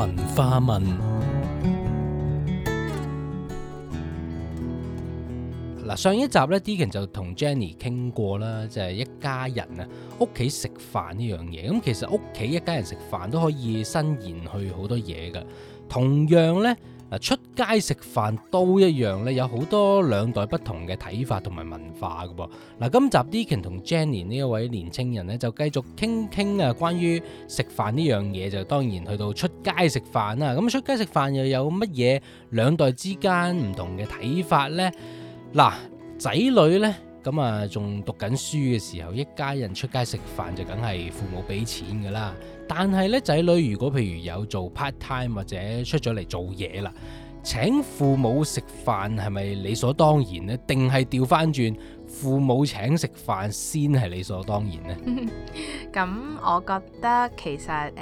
文化問嗱，上一集咧 Deakin 就同 Jenny 傾過啦，就係、是、一家人啊，屋企食飯呢樣嘢。咁其實屋企一家人食飯都可以伸延去好多嘢噶，同樣呢。出街食飯都一樣咧，有好多兩代不同嘅睇法同埋文化嘅嗱，今集 Deakin 同 Jenny 呢一位年青人咧，就繼續傾傾啊，關於食飯呢樣嘢，就當然去到出街食飯啦。咁出街食飯又有乜嘢兩代之間唔同嘅睇法呢？嗱，仔女呢。咁啊，仲讀緊書嘅時候，一家人出街食飯就梗係父母俾錢㗎喇。但係呢，仔女如果譬如有做 part time 或者出咗嚟做嘢啦，請父母食飯係咪理所當然呢？定係調翻轉父母請食飯先係理所當然呢？咁、 嗯、我覺得其實誒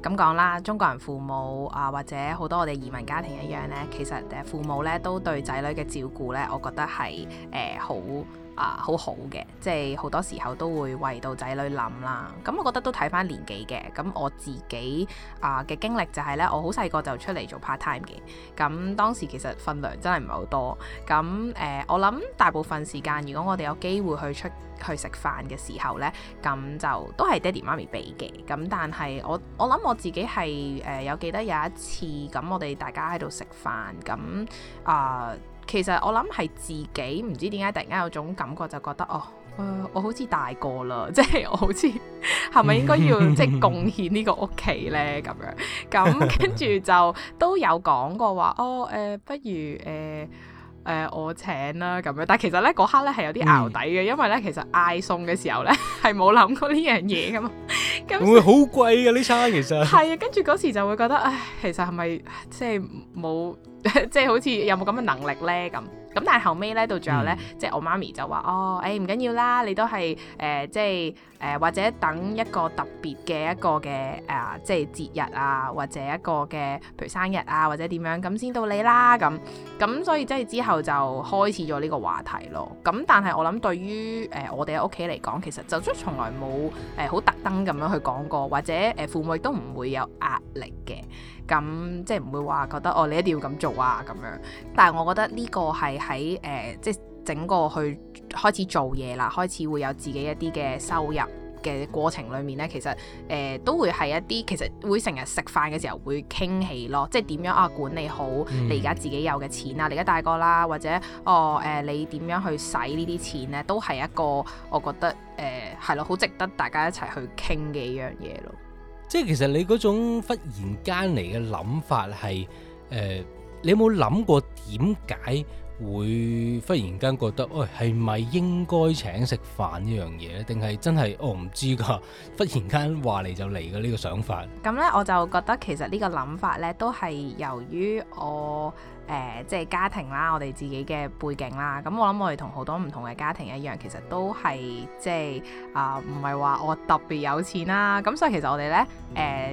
咁講啦，中國人父母啊，或者好多我哋移民家庭一樣呢，其實父母呢都對仔女嘅照顧呢，我覺得係誒好。呃啊、呃，好好嘅，即係好多時候都會為到仔女諗啦。咁我覺得都睇返年紀嘅。咁我自己啊嘅、呃、經歷就係呢：我好細個就出嚟做 part time 嘅。咁當時其實份糧真係唔係好多。咁誒、呃，我諗大部分時間，如果我哋有機會去出去食飯嘅時候呢，咁就都係爹哋媽咪俾嘅。咁但係我我諗我自己係誒有記得有一次，咁我哋大家喺度食飯，咁啊。呃其實我諗係自己唔知點解突然間有種感覺，就覺得哦，誒，我好似大個啦，即係我好似係咪應該要 即係貢獻呢個屋企呢？咁樣。咁跟住就都有講過話，哦，誒、呃，不如誒誒、呃呃呃、我請啦咁樣。但係其實咧嗰刻咧係有啲淆底嘅，因為咧其實嗌餸嘅時候咧係冇諗過呢樣嘢噶嘛。 會好貴啊呢餐，其實係 啊，跟住嗰時就會覺得，唉，其實係咪即係冇，即、就、係、是、 好似有冇咁嘅能力咧？咁咁，但係後尾咧到最後咧，嗯、即係我媽咪就話，哦，誒、欸，唔緊要啦，你都係誒、呃，即係誒、呃，或者等一個特別嘅一個嘅誒、呃、即係節日啊，或者一個嘅譬如生日啊，或者點樣咁先到你啦，咁咁，所以即係之後就開始咗呢個話題咯。咁但係我諗，對於誒我哋屋企嚟講，其實就真從來冇誒好特登咁樣去。講過或者誒父母都唔會有壓力嘅，咁即係唔會話覺得哦，你一定要咁做啊咁樣，但係我覺得呢個係喺誒即係整個去開始做嘢啦，開始會有自己一啲嘅收入嘅過程裏面呢，其實誒、呃、都會係一啲，其實會成日食飯嘅時候會傾起咯，即係點樣啊管理好你而家自己有嘅錢啊，你而家、嗯、大個啦，或者哦誒、呃，你點樣去使呢啲錢呢？都係一個我覺得誒係咯，好、呃、值得大家一齊去傾嘅一樣嘢咯。即係其實你嗰種忽然間嚟嘅諗法係誒、呃，你有冇諗過點解？會忽然間覺得，喂、哎，係咪應該請食飯呢樣嘢呢？定係真係我唔知㗎，忽然間話嚟就嚟嘅呢個想法。咁呢，我就覺得其實呢個諗法呢都係由於我。誒、呃，即係家庭啦，我哋自己嘅背景啦，咁我諗我哋同好多唔同嘅家庭一樣，其實都係，即係啊，唔係話我特別有錢啦，咁所以其實我哋咧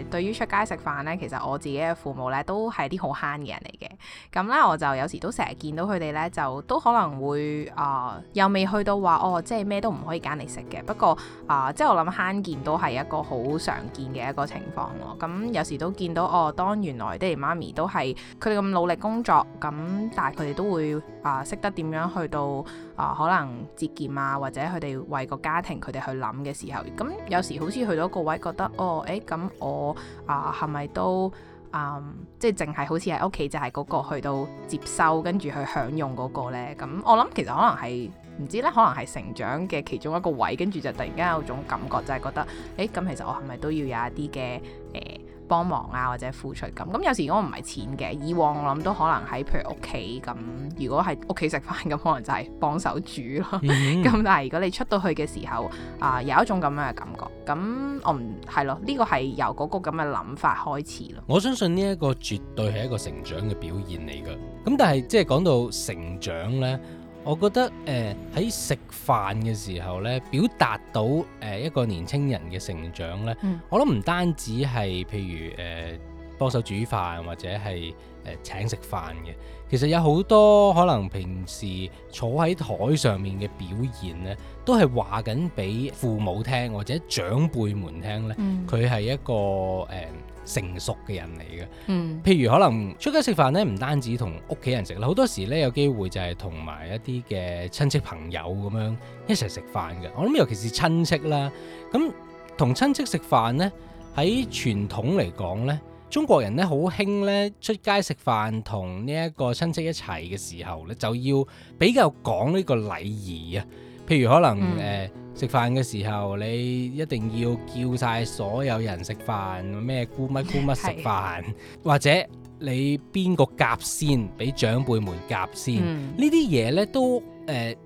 誒，對於出街食飯咧，其實我自己嘅父母咧都係啲好慳嘅人嚟嘅，咁咧我就有時都成日見到佢哋咧，就都可能會啊、呃，又未去到話哦，即係咩都唔可以揀嚟食嘅，不過啊、呃，即係我諗慳見都係一個好常見嘅一個情況咯，咁有時都見到哦，當原來爹哋媽咪都係佢哋咁努力工作。咁，但係佢哋都會啊，識、呃、得點樣去到啊、呃，可能節儉啊，或者佢哋為個家庭佢哋去諗嘅時候，咁有時好似去到一個位，覺得哦，誒、欸，咁我啊係咪都嗯，即係淨係好似喺屋企就係嗰個去到接收，跟住去享用嗰個呢？咁我諗其實可能係唔知呢，可能係成長嘅其中一個位，跟住就突然間有種感覺，就係覺得誒，咁、欸、其實我係咪都要有一啲嘅誒？呃幫忙啊，或者付出咁，咁有時如果唔係錢嘅，以往我諗都可能喺譬如屋企咁，如果係屋企食飯咁，可能就係幫手煮咯。咁、嗯、 但係如果你出到去嘅時候啊、呃，有一種咁樣嘅感覺，咁我唔係咯，呢、呢個係由嗰個咁嘅諗法開始咯。我相信呢一個絕對係一個成長嘅表現嚟㗎。咁但係即係講到成長呢。我覺得誒喺食飯嘅時候咧，表達到誒、呃、一個年青人嘅成長咧，嗯、我諗唔單止係譬如誒、呃、幫手煮飯或者係誒、呃、請食飯嘅，其實有好多可能平時坐喺台上面嘅表現咧，都係話緊俾父母聽或者長輩們聽咧，佢係、嗯、一個誒、呃成熟嘅人嚟嘅，嗯，譬如可能出街食飯咧，唔單止同屋企人食啦，好多時咧，有機會就係同埋一啲嘅親戚朋友咁樣一齊食飯嘅。我諗尤其是親戚啦，咁同親戚食飯咧，喺傳統嚟講咧，嗯、中國人咧好興咧出街食飯同呢一個親戚一齊嘅時候咧，就要比較講呢個禮儀啊。譬如可能誒。嗯呃食飯嘅時候，你一定要叫晒所有人食飯，咩姑乜姑乜食飯， 是的 或者你邊個夾先，俾長輩們先夾先，呢啲嘢呢，都、呃、誒，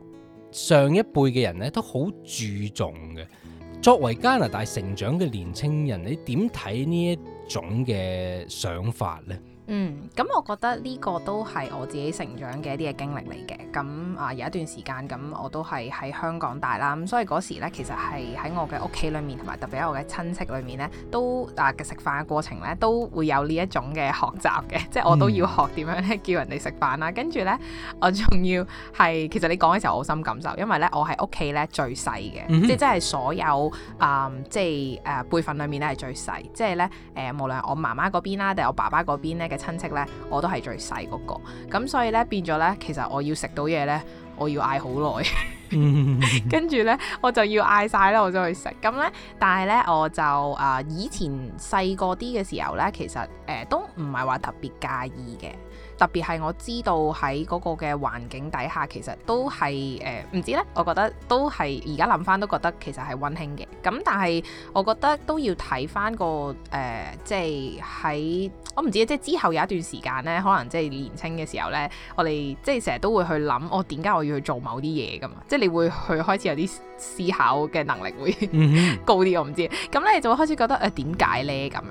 上一輩嘅人呢，都好注重嘅。作為加拿大成長嘅年青人，你點睇呢一種嘅想法呢？嗯，咁我覺得呢個都係我自己成長嘅一啲嘅經歷嚟嘅。咁啊、呃，有一段時間咁、呃、我都係喺香港大啦，咁所以嗰時咧，其實係喺我嘅屋企裏面，同埋特別喺我嘅親戚裏面呢，都啊嘅、呃、食飯嘅過程呢，都會有呢一種嘅學習嘅，即、就、係、是、我都要學點樣咧叫人哋食飯啦。嗯、跟住呢，我仲要係其實你講嘅時候，我好深感受，因為呢，我喺屋企呢最細嘅、嗯哼呃，即係係所有啊，即係誒輩分裏面、就是、呢，係最細，即係呢，誒，無論我媽媽嗰邊啦，定係我爸爸嗰邊咧親戚呢，我都係最細嗰個，咁所以呢，變咗呢，其實我要食到嘢呢，我要嗌好耐， 跟住呢，我就要嗌晒呢，我就去食，咁呢，但係呢，我就啊、呃、以前細個啲嘅時候呢，其實誒、呃、都唔係話特別介意嘅。特別係我知道喺嗰個嘅環境底下，其實都係誒，唔、呃、知咧。我覺得都係而家諗翻都覺得其實係溫馨嘅。咁但係我覺得都要睇翻個誒、呃，即係喺我唔知，即係之後有一段時間咧，可能即係年青嘅時候咧，我哋即係成日都會去諗，我點解我要去做某啲嘢，咁即係你會去開始有啲思考嘅能力會高啲，我唔、mm hmm. 知。咁咧就會開始覺得誒點解咧咁樣？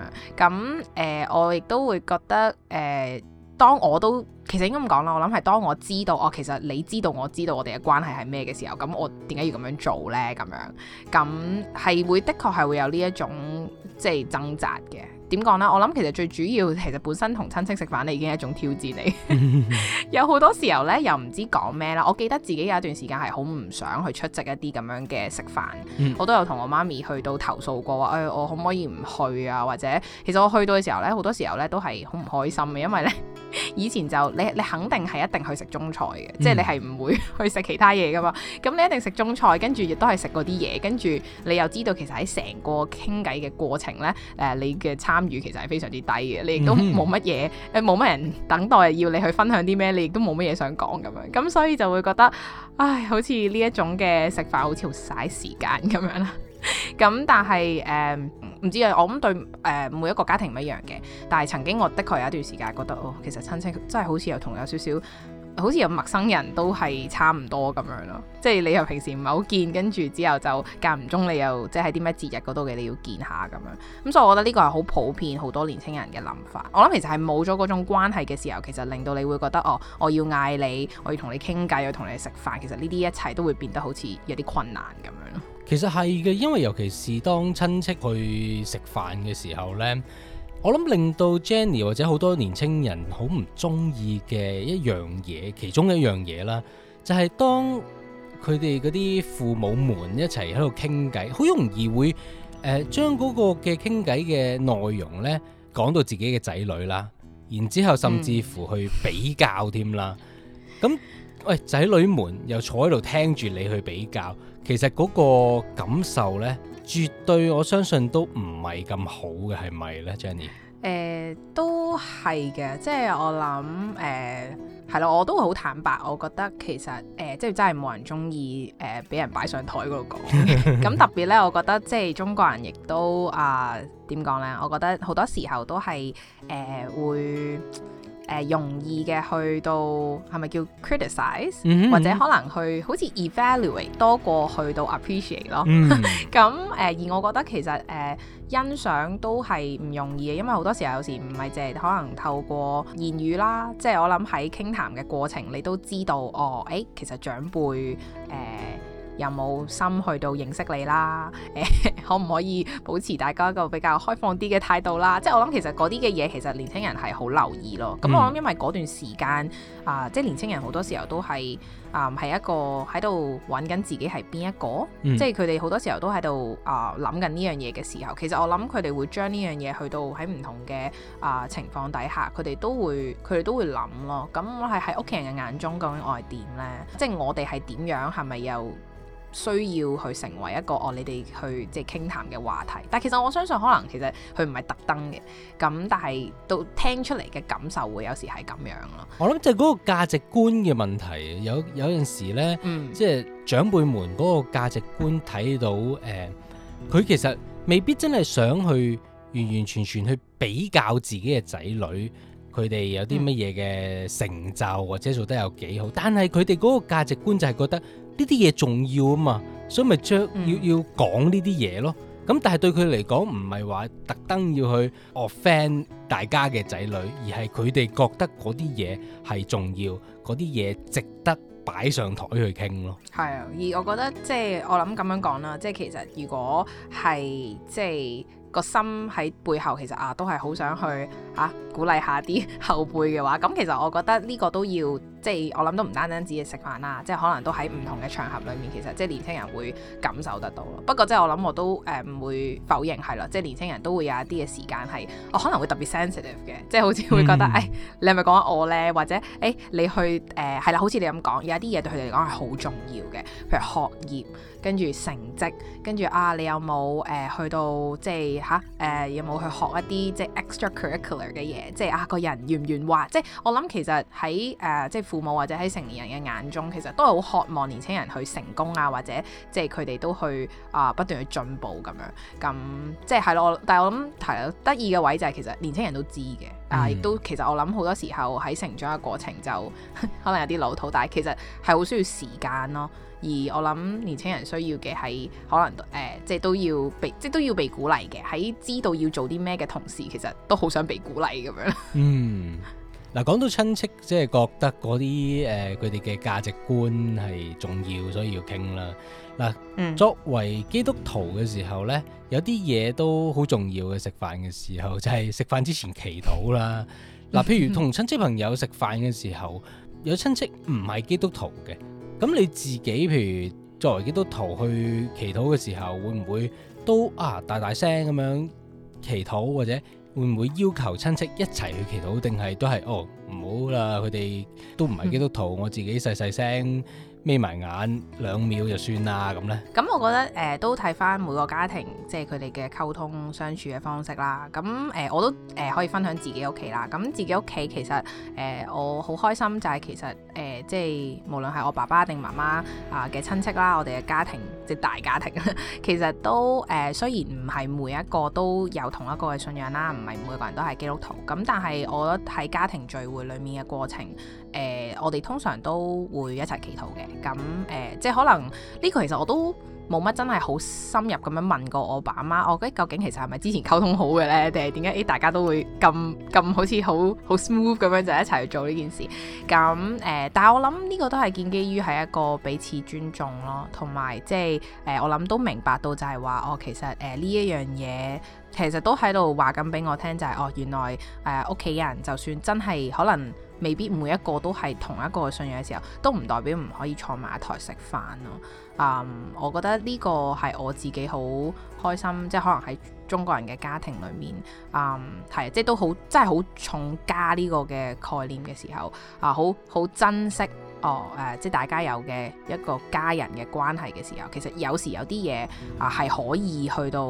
咁誒、呃，我亦都會覺得誒。呃當我都其實應該咁講啦，我諗係當我知道，哦，其實你知道我知道我哋嘅關係係咩嘅時候，咁我點解要咁樣做呢？咁樣咁係會的確係會有呢一種即係掙扎嘅。點講呢？我諗其實最主要其實本身同親戚食飯咧已經係一種挑戰嚟， 有好多時候呢，又唔知講咩啦。我記得自己有一段時間係好唔想去出席一啲咁樣嘅食飯，嗯、我都有同我媽咪去到投訴過話，誒、哎，我可唔可以唔去啊？或者其實我去到嘅時候呢，好多時候呢都係好唔開心嘅，因為呢以前就你你肯定係一定去食中菜嘅，嗯、即係你係唔會去食其他嘢噶嘛。咁你一定食中菜，跟住亦都係食嗰啲嘢，跟住你又知道其實喺成個傾偈嘅過程呢，誒、呃，你嘅參與其實係非常之低嘅，你亦都冇乜嘢，誒、冇乜人等待要你去分享啲咩，你亦都冇乜嘢想講咁樣，咁所以就會覺得，唉，好似呢一種嘅食法，好似好嘥時間咁樣啦。咁、 嗯、但係誒，唔、嗯、知啊，我諗對誒、呃、每一個家庭唔一樣嘅，但係曾經我的確有一段時間覺得哦，其實親戚真係好似有同有少少。好似有陌生人都係差唔多咁樣咯，即係你又平時唔係好見，跟住之後就間唔中你又即係啲咩節日嗰度嘅你要見下咁樣，咁、嗯、所以我覺得呢個係好普遍好多年輕人嘅諗法。我諗其實係冇咗嗰種關係嘅時候，其實令到你會覺得哦，我要嗌你，我要同你傾偈，我要同你食飯，其實呢啲一切都會變得好似有啲困難咁樣咯。其實係嘅，因為尤其是當親戚去食飯嘅時候呢。我諗令到 Jenny 或者好多年青人好唔中意嘅一樣嘢，其中一樣嘢啦，就係、係、當佢哋嗰啲父母們一齊喺度傾偈，好容易會誒、呃、將嗰個嘅傾偈嘅內容呢講到自己嘅仔女啦，然之後甚至乎去比較添啦。咁、嗯，喂，仔女們又坐喺度聽住你去比較，其實嗰個感受呢。絕對我相信都唔係咁好嘅，係咪呢 Jenny 誒、呃，都係嘅，即係我諗誒，係、呃、咯，我都會好坦白，我覺得其實誒、呃，即係真係冇人中意誒，俾、呃、人擺上台嗰度講。咁 特別呢，我覺得即係中國人亦都啊點講呢？我覺得好多時候都係誒、呃、會。誒、呃、容易嘅去到係咪叫 criticize、mm hmm. 或者可能去好似 evaluate 多過去到 appreciate 咯。咁誒、mm hmm. 呃、而我覺得其實誒、呃、欣賞都係唔容易嘅，因為好多時候有時唔係淨係可能透過言語啦，即係我諗喺傾談嘅過程，你都知道哦，誒、欸、其實長輩誒。呃有冇心去到認識你啦？誒， 可唔可以保持大家一個比較開放啲嘅態度啦？ 即係我諗，其實嗰啲嘅嘢其實年輕人係好留意咯。咁、嗯、我諗，因為嗰段時間啊、呃，即係年輕人好多時候都係啊，係、呃、一個喺度揾緊自己係邊一個。嗯、即係佢哋好多時候都喺度啊諗緊呢樣嘢嘅時候，其實我諗佢哋會將呢樣嘢去到喺唔同嘅啊、呃、情況底下，佢哋都會佢哋都會諗咯。咁我係喺屋企人嘅眼中究竟我係點咧？即係我哋係點樣？係咪又？需要去成為一個哦，你哋去即係傾談嘅話題。但其實我相信可能其實佢唔係特登嘅。咁但係到聽出嚟嘅感受會有時係咁樣咯。我諗即係嗰個價值觀嘅問題，有有陣時呢，嗯、即係長輩們嗰個價值觀睇到誒，佢、嗯呃、其實未必真係想去完完全全去比較自己嘅仔女，佢哋有啲乜嘢嘅成就、嗯、或者做得有幾好，但係佢哋嗰個價值觀就係覺得。呢啲嘢重要啊嘛，所以咪著要要講呢啲嘢咯。咁但係對佢嚟講唔係話特登要去 offend 大家嘅仔女，而係佢哋覺得嗰啲嘢係重要，嗰啲嘢值得擺上台去傾咯。係啊，而我覺得即係、就是、我諗咁樣講啦，即、就、係、是、其實如果係即係個心喺背後，其實啊都係好想去啊鼓勵下啲後輩嘅話，咁其實我覺得呢個都要。即係我諗都唔單單止係食飯啦，即係可能都喺唔同嘅場合裏面，其實即係年輕人會感受得到咯。不過即係我諗我都誒唔會否認係咯，即係年輕人都會有一啲嘅時間係，我、哦、可能會特別 sensitive 嘅， 即係好似會覺得誒、欸，你係咪講緊我咧？或者誒、欸，你去誒係啦，好、呃、似你咁講，有一啲嘢對佢哋嚟講係好重要嘅，譬如學業，跟住成績，跟住啊，你有冇誒、呃、去到即係吓，誒、呃、有冇去學一啲即係 extracurricular 嘅嘢？即係啊，個人圓唔圓滑？即係我諗其實喺誒、呃、即係。父母或者喺成年人嘅眼中，其實都係好渴望年青人去成功啊，或者即係佢哋都去啊、呃、不斷去進步咁樣。咁即係係咯，但係我諗係咯得意嘅位就係其實年青人都知嘅，但係亦都其實我諗好多時候喺成長嘅過程就可能有啲老土，但係其實係好需要時間咯。而我諗年青人需要嘅係可能誒、呃，即係都要被即都要被鼓勵嘅。喺知道要做啲咩嘅同時，其實都好想被鼓勵咁樣。嗯。嗱，講到親戚，即係覺得嗰啲誒佢哋嘅價值觀係重要，所以要傾啦。嗱、啊，作為基督徒嘅時候呢，有啲嘢都好重要嘅。食飯嘅時候就係、係、食飯之前祈禱啦。嗱、啊，譬如同親戚朋友食飯嘅時候，有親戚唔係基督徒嘅，咁你自己譬如作為基督徒去祈禱嘅時候，會唔會都啊大大聲咁樣祈禱或者？會唔會要求親戚一齊去祈禱，定係都係哦，唔好啦，佢哋都唔係基督徒，嗯、我自己細細聲眯埋眼兩秒就算啦咁呢，咁、嗯、我覺得誒、呃、都睇返每個家庭即係佢哋嘅溝通相處嘅方式啦。咁、嗯、誒、呃、我都誒、呃、可以分享自己屋企啦。咁、嗯、自己屋企其實誒、呃、我好開心就係、是、其實誒、呃、即係無論係我爸爸定媽媽啊嘅親戚啦，我哋嘅家庭。即大家庭其實都誒、呃，雖然唔係每一個都有同一個嘅信仰啦，唔係每個人都係基督徒咁，但係我喺家庭聚會裡面嘅過程，誒、呃，我哋通常都會一齊祈禱嘅咁誒，即係可能呢個其實我都。冇乜真係好深入咁樣問過我爸媽，我覺得究竟其實係咪之前溝通好嘅呢？定係點解？誒，大家都會咁咁好似好好 smooth 咁樣就一齊去做呢件事。咁誒，呃，但我諗呢個都係建基於係一個彼此尊重咯，同埋即係誒，我諗都明白到就係話，哦，其實誒呢一樣嘢其實都喺度話緊俾我聽、就係，就係哦，原來誒屋企人就算真係可能。未必每一個都係同一個信仰嘅時候，都唔代表唔可以坐埋一台食飯咯。嗯，我覺得呢個係我自己好開心，即係可能喺中國人嘅家庭裡面，嗯係即係都好真係好重家呢個嘅概念嘅時候，啊好好珍惜哦誒、呃，即係大家有嘅一個家人嘅關係嘅時候，其實有時有啲嘢啊係可以去到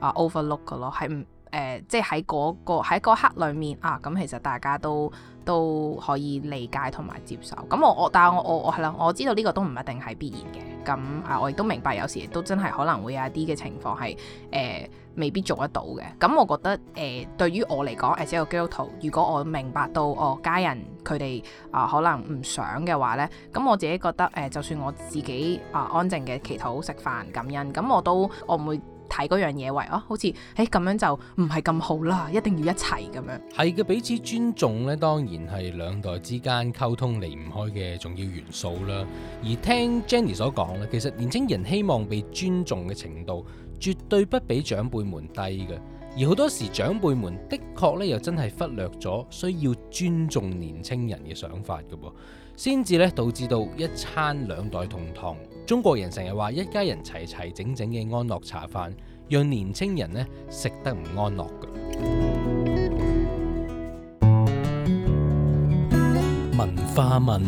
啊 overlook 嘅咯，係唔～誒、呃，即係喺嗰個喺嗰刻裏面啊，咁、嗯、其實大家都都可以理解同埋接受。咁、嗯、我但我但係我我我係咯，我知道呢個都唔一定係必然嘅。咁、嗯、啊，我亦都明白有時亦都真係可能會有一啲嘅情況係誒、呃、未必做得到嘅。咁、嗯、我覺得誒、呃、對於我嚟講誒，作為基督徒，如果我明白到我家人佢哋啊可能唔想嘅話咧，咁、嗯、我自己覺得誒、呃，就算我自己啊、呃、安靜嘅祈禱、食飯、感恩，咁、嗯嗯、我都我唔會。睇嗰樣嘢為哦，好似誒咁樣就唔係咁好啦，一定要一齊咁樣。係嘅，彼此尊重呢，當然係兩代之間溝通離唔開嘅重要元素啦。而聽 Jenny 所講咧，其實年青人希望被尊重嘅程度絕對不比長輩們低嘅，而好多時長輩們的確呢，又真係忽略咗需要尊重年青人嘅想法嘅噃。先至咧，導致到一餐兩代同堂。中國人成日話，一家人齊齊整整嘅安樂茶飯，讓年青人咧食得唔安樂嘅。文化問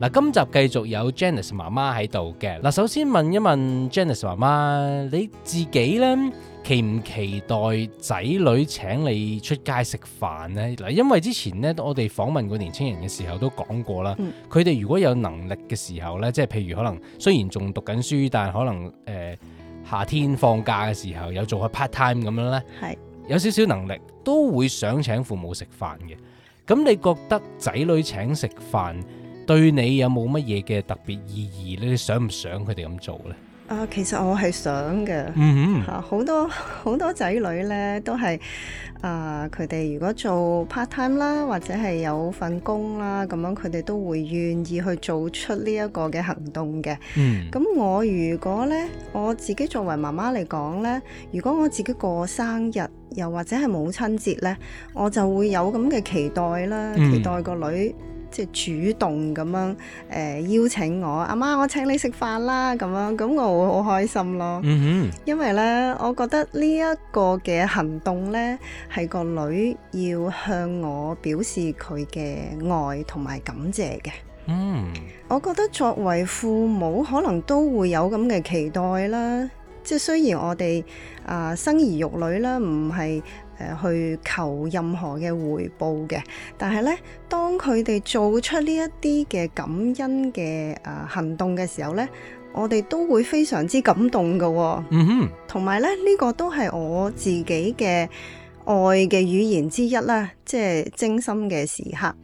嗱，今集繼續有 Janice 媽媽喺度嘅嗱，首先問一問 Janice 媽媽你自己呢？期唔期待仔女請你出街食飯呢？嗱，因為之前呢，我哋訪問過年青人嘅時候都講過啦，佢哋、嗯、如果有能力嘅時候呢，即係譬如可能雖然仲讀緊書，但係可能誒、呃、夏天放假嘅時候有做下 part time 咁樣呢，是有少少能力都會想請父母食飯嘅。咁你覺得仔女請食飯對你有冇乜嘢嘅特別意義呢？你想唔想佢哋咁做呢？啊，uh, 其實我係想嘅，嚇好、mm hmm. uh, 多好多仔女咧，都係啊，佢、呃、哋如果做 part time 啦，或者係有份工啦，咁樣佢哋都會願意去做出呢一個嘅行動嘅。咁、mm hmm. 我如果咧，我自己作為媽媽嚟講咧，如果我自己過生日，又或者係母親節咧，我就會有咁嘅期待啦，期待個女、mm。Hmm. 即係主動咁樣誒邀請我，阿媽，我請你食飯啦咁樣，咁我會好開心咯。嗯哼、mm，hmm. 因為咧，我覺得呢一個嘅行動咧，係個女要向我表示佢嘅愛同埋感謝嘅。嗯、mm，hmm. 我覺得作為父母，可能都會有咁嘅期待啦。即係雖然我哋啊、呃、生兒育女啦，唔係誒去求任何嘅回報嘅，但係咧，當佢哋做出呢一啲嘅感恩嘅誒、呃、行動嘅時候咧，我哋都會非常之感動噶、哦。嗯哼、mm，同埋咧、呢、這個都係我自己嘅愛嘅語言之一啦，即係精心嘅時刻。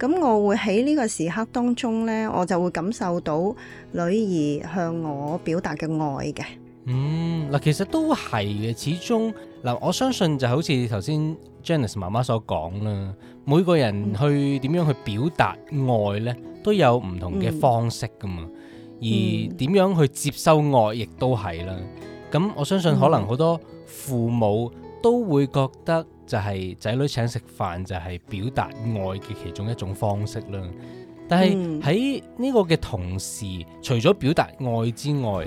咁我會喺呢個時刻當中咧，我就會感受到女兒向我表達嘅愛嘅。嗯，嗱，其實都係嘅，始終嗱、呃，我相信就好似頭先 Janice 媽媽所講啦，每個人去點、嗯、樣去表達愛呢，都有唔同嘅方式噶嘛。而點樣去接收愛，亦都係啦。咁、嗯嗯、我相信可能好多父母都會覺得就係仔女請食飯就係表達愛嘅其中一種方式啦。但係喺呢個嘅同時，除咗表達愛之外，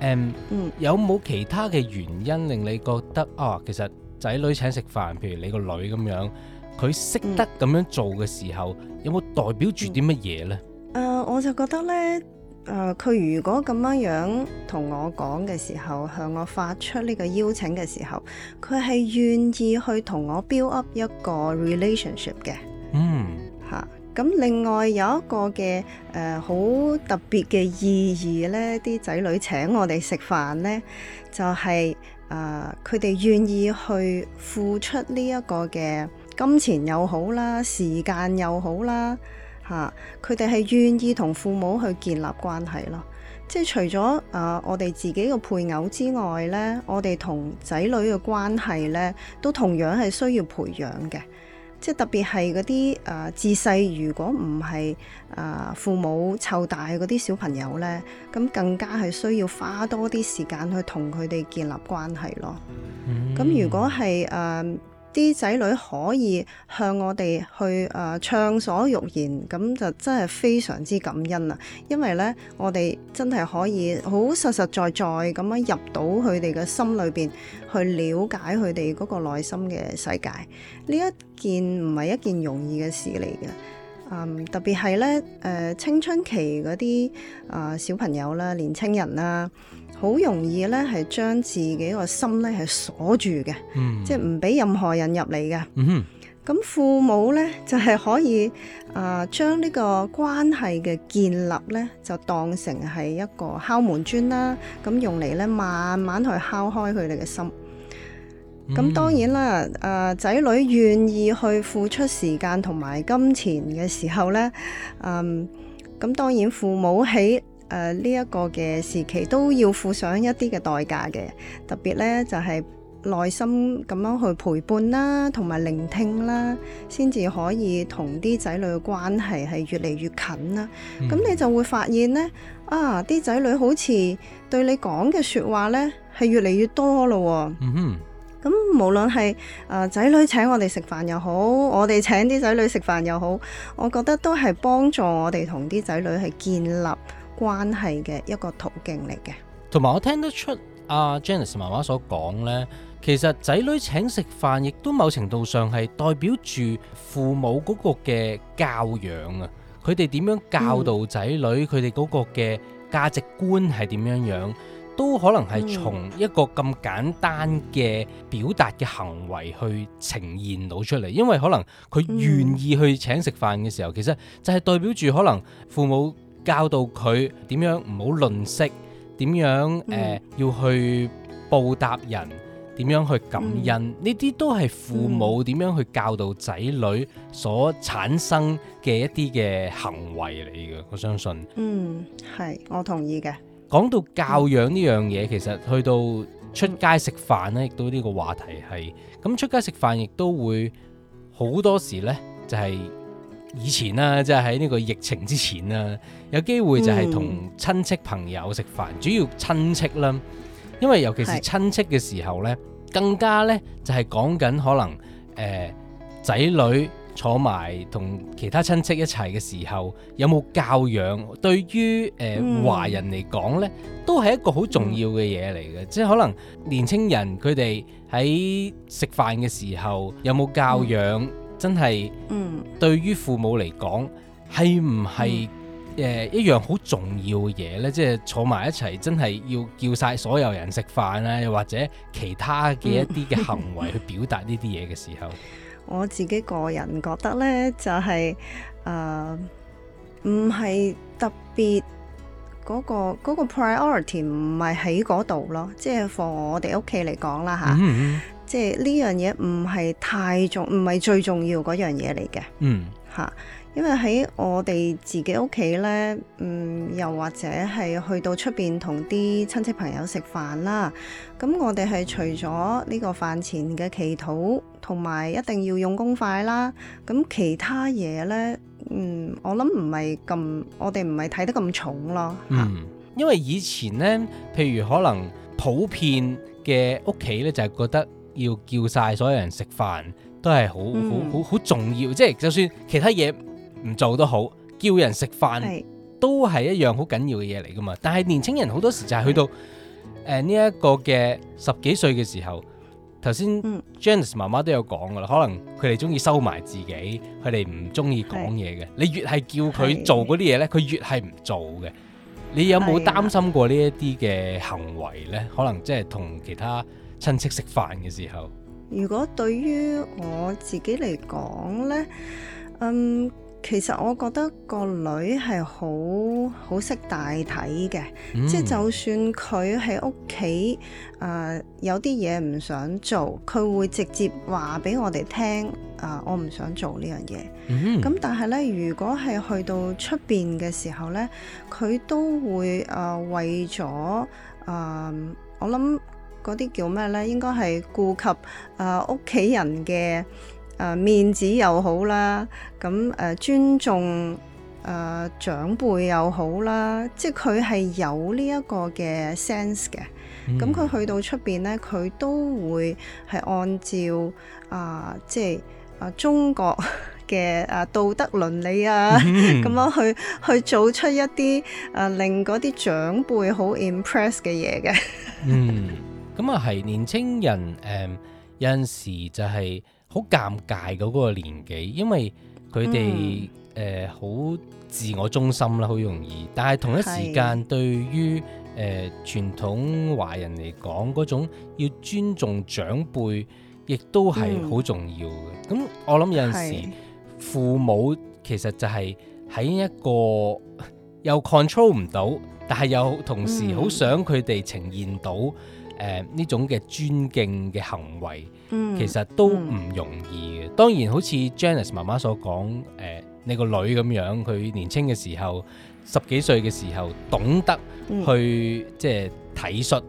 誒、um, 嗯、有冇其他嘅原因令你覺得啊？其實仔女請食飯，譬如你個女咁樣，佢識得咁樣做嘅時候，嗯、有冇代表住啲乜嘢呢？誒、呃，我就覺得呢，誒、呃，佢如果咁樣樣同我講嘅時候，向我發出呢個邀請嘅時候，佢係願意去同我 build up 一個 relationship 嘅。嗯，嚇。咁另外有一個嘅誒好特別嘅意義咧，啲仔女請我哋食飯咧，就係誒佢哋願意去付出呢一個嘅金錢又好啦，時間又好啦，嚇，佢哋係願意同父母去建立關係咯。即係除咗誒、呃、我哋自己嘅配偶之外咧，我哋同仔女嘅關係咧，都同樣係需要培養嘅。即係特別係嗰啲誒自細，如果唔係誒父母湊大嗰啲小朋友咧，咁更加係需要花多啲時間去同佢哋建立關係咯。咁、Mm-hmm. 如果係誒，呃啲仔女可以向我哋去誒、呃、暢所欲言，咁就真係非常之感恩啦。因為咧，我哋真係可以好實實在在咁樣入到佢哋嘅心裏邊，去了解佢哋嗰個內心嘅世界。呢一件唔係一件容易嘅事嚟嘅。嗯，um, 特別係咧，誒、呃、青春期嗰啲啊小朋友啦、年青人啦、啊，好容易咧係將自己個心咧係鎖住嘅，mm hmm. 即係唔俾任何人入嚟嘅。咁、mm hmm. 父母咧就係、是、可以啊，將、呃、呢個關係嘅建立咧就當成係一個敲門磚啦，咁用嚟咧慢慢去敲開佢哋嘅心。咁、嗯、當然啦，誒、呃、仔女願意去付出時間同埋金錢嘅時候咧，嗯、呃，咁當然父母喺誒呢一個嘅時期都要付上一啲嘅代價嘅，特別咧就係、是、耐心咁樣去陪伴啦，同埋聆聽啦，先至可以同啲仔女嘅關係係越嚟越近啦。咁、嗯、你就會發現咧，啊啲仔女好似對你講嘅説話咧係越嚟越多咯喎、哦嗯。嗯哼。咁無論係誒仔女請我哋食飯又好，我哋請啲仔女食飯又好，我覺得都係幫助我哋同啲仔女係建立關係嘅一個途徑嚟嘅。同埋我聽得出阿、啊、Janice 媽媽所講呢，其實仔女請食飯亦都某程度上係代表住父母嗰個嘅教養啊，佢哋點樣教導仔女，佢哋嗰個嘅價值觀係點樣樣。都可能係從一個咁簡單嘅表達嘅行為去呈現到出嚟，因為可能佢願意去請食飯嘅時候，其實就係代表住可能父母教導佢點樣唔好吝嗇，點樣誒、呃、要去報答人，點樣去感恩呢啲、嗯、都係父母點樣去教導仔女所產生嘅一啲嘅行為嚟嘅，我相信。嗯，係我同意嘅。講到教養呢樣嘢，其實去到出街食飯咧，亦都呢個話題係咁出街食飯，亦都會好多時呢，就係以前啦，即係喺呢個疫情之前啦，有機會就係同親戚朋友食飯，嗯、主要親戚啦，因為尤其是親戚嘅時候呢，是更加呢，就係講緊可能誒仔、呃、女。坐埋同其他親戚一齊嘅時候，有冇教養？對於誒、呃、華人嚟講呢都係一個好重要嘅嘢嚟嘅。即係可能年青人佢哋喺食飯嘅時候有冇教養，嗯、真係對於父母嚟講係唔係誒一樣好重要嘅嘢呢？即係坐埋一齊，真係要叫晒所有人食飯啊，又或者其他嘅一啲嘅行為去表達呢啲嘢嘅時候。我自己個人覺得咧，就係，誒，唔係特別嗰個嗰個 priority 唔係喺嗰度咯。即係放我哋屋企嚟講啦吓，啊 mm hmm. 即係呢樣嘢唔係太重，唔係最重要嗰樣嘢嚟嘅。Mm hmm. 吓，因為喺我哋自己屋企咧，嗯，又或者係去到出面同啲親戚朋友食飯啦，咁我哋係除咗呢個飯前嘅祈禱，同埋一定要用公筷啦，咁其他嘢咧，嗯，我諗唔係咁，我哋唔係睇得咁重咯。嗯，因為以前咧，譬如可能普遍嘅屋企咧，就係覺得要叫晒所有人食飯。都係好好好重要，嗯、即係就算其他嘢唔做都好，叫人食飯都係一樣好緊要嘅嘢嚟噶嘛。但係年青人好多時就係去到誒呢一個嘅十幾歲嘅時候，頭先 Janice、嗯、媽媽都有講噶啦，可能佢哋中意收埋自己，佢哋唔中意講嘢嘅。嗯、你越係叫佢做嗰啲嘢呢，佢、嗯、越係唔做嘅。你有冇擔心過呢一啲嘅行為呢？嗯嗯、可能即係同其他親戚食飯嘅時候。如果對於我自己嚟講咧，嗯，其實我覺得個女係好好識大體嘅，即係、mm hmm. 就算佢喺屋企啊有啲嘢唔想做，佢會直接話俾我哋聽啊，我唔想做、mm hmm. 嗯、呢樣嘢。咁但係咧，如果係去到出邊嘅時候咧，佢都會啊、呃、為咗啊、呃，我諗。嗰啲叫咩咧？應該係顧及啊屋企人嘅啊面子又好啦，咁誒尊重誒長輩又好啦，即係佢係有呢一個嘅 sense 嘅。咁佢去到出邊咧，佢都會係按照啊即係啊中國嘅啊道德倫理啊咁樣去去做出一啲啊令嗰啲長輩好 impress 嘅嘢嘅。嗯。咁啊，係年青人誒、嗯、有陣時就係好尷尬嗰個年紀，因為佢哋誒好自我中心啦，好容易。但係同一時間，是對於誒、呃、傳統華人嚟講，嗰種要尊重長輩，亦都係好重要嘅。咁、嗯、我諗有陣時，父母其實就係喺一個是又 control 唔到，但係又同時好想佢哋呈現到。誒呢、呃、種嘅尊敬嘅行為，嗯、其實都唔容易嘅。嗯、當然好媽媽，好似 Janice 媽媽所講，誒、那、你個女咁樣，佢年輕嘅時候，十幾歲嘅時候，懂得去、嗯、即係體恤，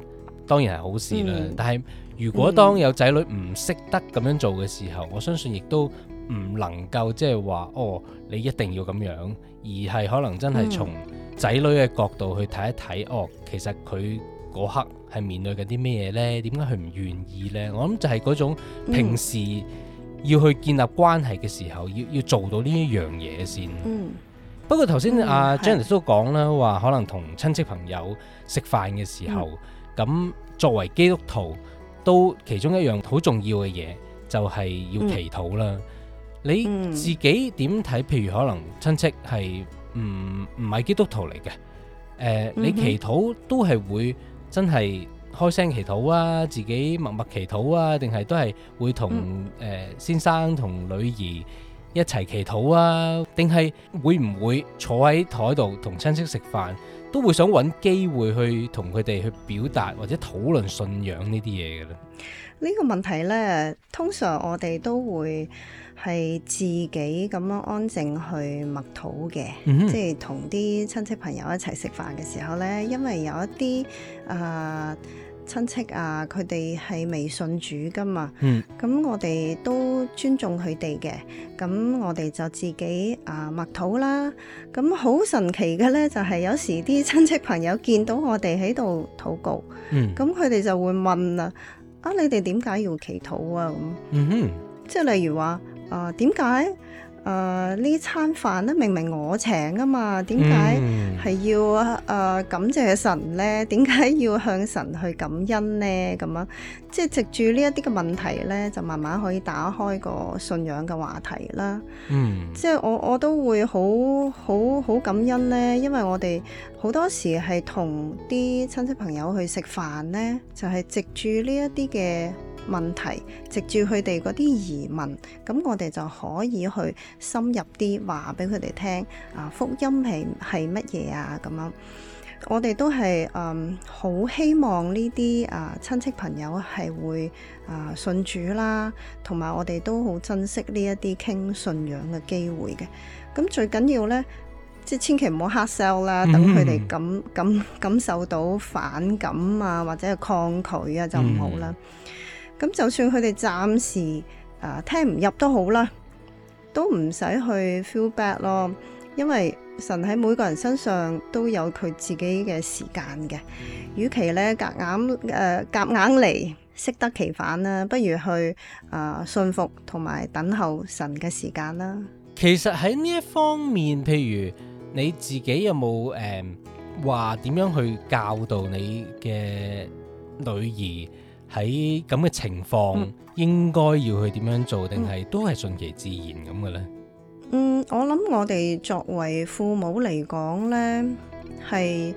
當然係好事啦。嗯、但係如果當有仔女唔識得咁樣做嘅時候，嗯、我相信亦都唔能夠即係話哦，你一定要咁樣，而係可能真係從仔女嘅角度去睇一睇哦，其實佢嗰刻。係面對緊啲咩嘢呢？點解佢唔願意呢？我諗就係嗰種平時要去建立關係嘅時候，要、嗯、要做到呢一樣嘢先。嗯、不過頭先阿 Janice 都講啦，話、嗯、可能同親戚朋友食飯嘅時候，咁、嗯、作為基督徒都其中一樣好重要嘅嘢，就係、是、要祈禱啦。嗯、你自己點睇？譬如可能親戚係唔唔係基督徒嚟嘅，誒、呃，你祈禱都係會。真係開聲祈禱啊，自己默默祈禱啊，定係都係會同誒、嗯呃、先生同女兒。一齊祈禱啊，定係會唔會坐喺台度同親戚食飯，都會想揾機會去同佢哋去表達或者討論信仰呢啲嘢嘅呢？呢個問題呢，通常我哋都會係自己咁樣安靜去默禱嘅，嗯、哼即係同啲親戚朋友一齊食飯嘅時候呢，因為有一啲啊，呃親戚啊，佢哋係未信主㗎嘛，咁、嗯嗯、我哋都尊重佢哋嘅，咁、嗯、我哋就自己啊默禱啦。咁、嗯、好神奇嘅咧，就係、是、有時啲親戚朋友見到我哋喺度禱告，咁佢哋就會問啊，啊你哋點解要祈禱啊咁？嗯、哼，即係例如話啊，點、呃、解？誒、呃、呢餐飯咧，明明我請啊嘛，點解係要誒、呃、感謝神咧？點解要向神去感恩咧？咁樣即係藉住呢一啲嘅問題咧，就慢慢可以打開個信仰嘅話題啦。嗯，即，即係我我都會好好好感恩咧，因為我哋好多時係同啲親戚朋友去食飯咧，就係、是、藉住呢一啲嘅。問題，藉住佢哋嗰啲疑問，咁我哋就可以去深入啲話俾佢哋聽啊！福音係係乜嘢啊？咁樣，我哋都係嗯好希望呢啲啊親戚朋友係會啊信主啦，同埋我哋都好珍惜呢一啲傾信仰嘅機會嘅。咁最緊要咧，即係千祈唔好黑 sell 啦，等佢哋感感、mm hmm. 感受到反感啊，或者係抗拒啊，就唔好啦。Mm hmm. 咁就算佢哋暫時啊、呃、聽唔入都好啦，都唔使去 feel bad 咯，因為神喺每個人身上都有佢自己嘅時間嘅，與其咧夾硬誒夾硬嚟適得其反啦，不如去啊、呃、信服同埋等候神嘅時間啦。其實喺呢一方面，譬如你自己有冇誒話點樣去教導你嘅女兒？喺咁嘅情況，嗯、應該要去點樣做，定係都係順其自然咁嘅呢？嗯，我諗我哋作為父母嚟講呢，係。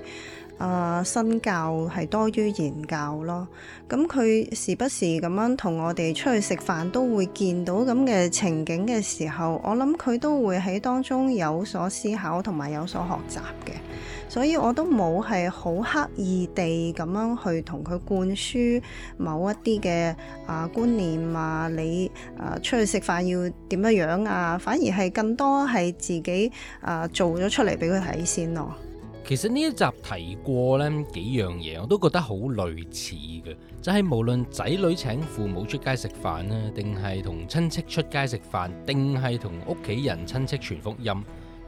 啊，uh, 身教係多於言教咯，咁佢時不時咁樣同我哋出去食飯都會見到咁嘅情景嘅時候，我諗佢都會喺當中有所思考同埋有所學習嘅，所以我都冇係好刻意地咁樣去同佢灌輸某一啲嘅啊觀念啊，你啊出去食飯要點乜樣啊，反而係更多係自己啊做咗出嚟俾佢睇先咯。其實呢一集提過咧幾樣嘢，我都覺得好類似嘅，就係無論仔女請父母出街食飯啦，定係同親戚出街食飯，定係同屋企人親戚傳福音，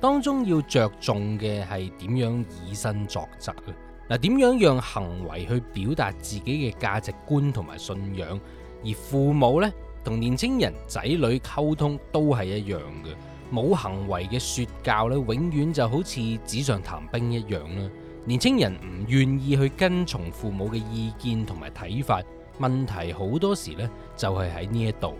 當中要着重嘅係點樣以身作則嘅。嗱，點樣讓行為去表達自己嘅價值觀同埋信仰，而父母咧同年青人仔女溝通都係一樣嘅。冇行為嘅說教咧，永遠就好似紙上談兵一樣啦。年青人唔願意去跟從父母嘅意見同埋睇法，問題好多時咧就係喺呢一度。